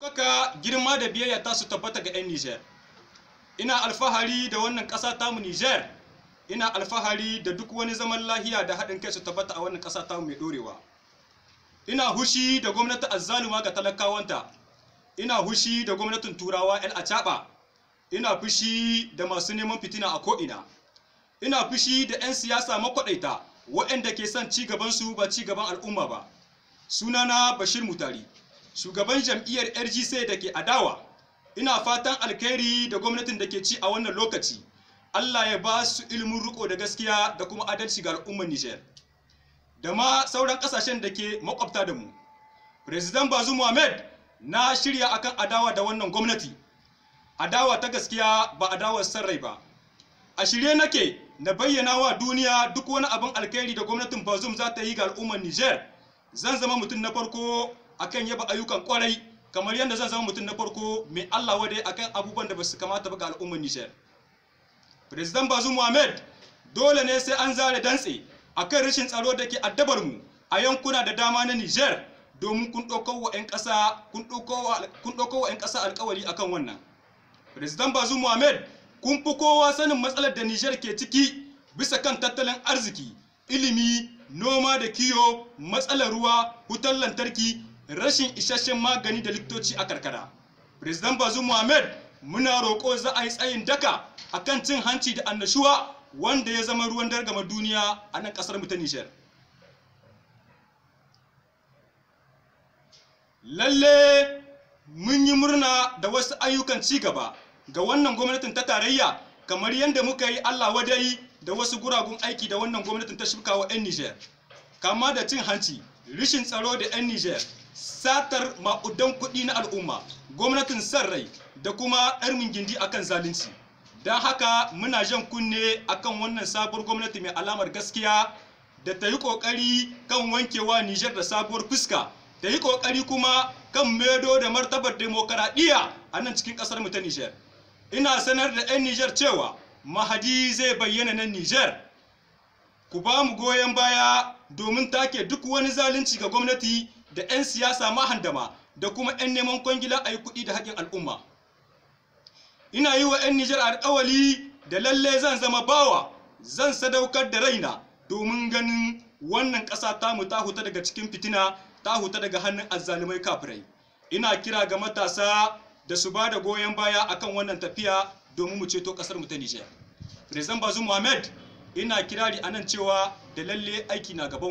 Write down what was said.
Kaka girma da biyayya ta su tabbata ga 'yan Nijar. Ina alfahari da wannan ƙasa tamu Nijar. Ina alfahari da duk wani zaman lahiya da haɗin kai su tabbata a wannan ƙasa tamu mai ɗorewa. Ina hushi da gwamnati azzaluma ga talakawanta. Ina hushi da gwamnatin Turawa 'yan acaɓa. Ina fushi da masu neman fitina a ko'ina. Ina fushi da 'yan siyasa makwaɗaita waɗanda ke son ci gabansu ba ci gaban al'umma ba. Sunana Bashir Mutari. shugaban jam'iyyar RGC da ke adawa ina fatan alkhairi da gwamnatin da ke ci a wannan lokaci Allah ya ba su ilimin riko da gaskiya da kuma adalci ga al'ummar Niger da ma sauran kasashen da ke makwabta da mu President Bazoum Mohamed na shirya akan adawa da wannan gwamnati adawa ta gaskiya ba adawar sarrai ba a shirye nake na bayyana wa duniya duk wani abin alkhairi da gwamnatin Bazum za ta yi ga al'ummar Niger zan zama mutum na farko akan yaba ayyukan kwarai kamar yadda zan zama mutum na farko mai Allah wade akan abubuwan da basu kamata ba ga al'ummar Nijar President Bazoum Mohamed dole ne sai an zare dantse akan rashin tsaro da ke addabar mu a yankuna da dama na Nijar domin kun ɗauko wa 'yan ƙasa kun wa 'yan ƙasa alƙawari akan wannan President Bazoum Mohamed kun fi kowa sanin matsalar da Nijar ke ciki bisa kan tattalin arziki ilimi noma da kiyo matsalar ruwa wutar lantarki rashin isasshen magani da likitoci a karkara president bazu muhammad muna roƙo za a yi tsayin daka a kan cin hanci da annashuwa wanda ya zama ruwan dargama duniya a nan ƙasar mu ta Nijar. lalle mun yi murna da wasu ayyukan ci gaba ga wannan gwamnatin ta tarayya kamar yadda muka yi allah wadai da wasu guragun aiki da wannan gwamnatin ta shibka wa 'yan nijar kama da cin hanci rishin tsaro da 'yan Nijar, satar maƙudan kuɗi na al'umma, gwamnatin san rai da kuma ɗarmin gindi akan zalunci. Don haka muna jan kunne akan wannan sabuwar gwamnati mai alamar gaskiya da ta yi ƙoƙari kan wankewa Nijar da sabuwar fuska, ta yi ƙoƙari kuma kan medo da martabar demokaradiyya a nan cikin ƙasar mu ta Nijar. Ina sanar da 'yan Nijar cewa Mahadi zai bayyana nan Nijar. ku ba mu goyon baya domin take duk wani zalunci ga gwamnati da 'yan siyasa ma handama da kuma 'yan neman kwangila a yi kuɗi da haƙƙin al'umma ina yi wa 'yan nijar alƙawali da lalle zan zama bawa zan sadaukar da raina domin ganin wannan ƙasa ta mu ta huta daga cikin fitina ta huta daga hannun azzalumai kafirai ina kira ga matasa da su ba da goyon baya akan wannan tafiya domin mu ceto ƙasar mu ta nijar President bazu ina kirari anan cewa da lalle aiki na gaban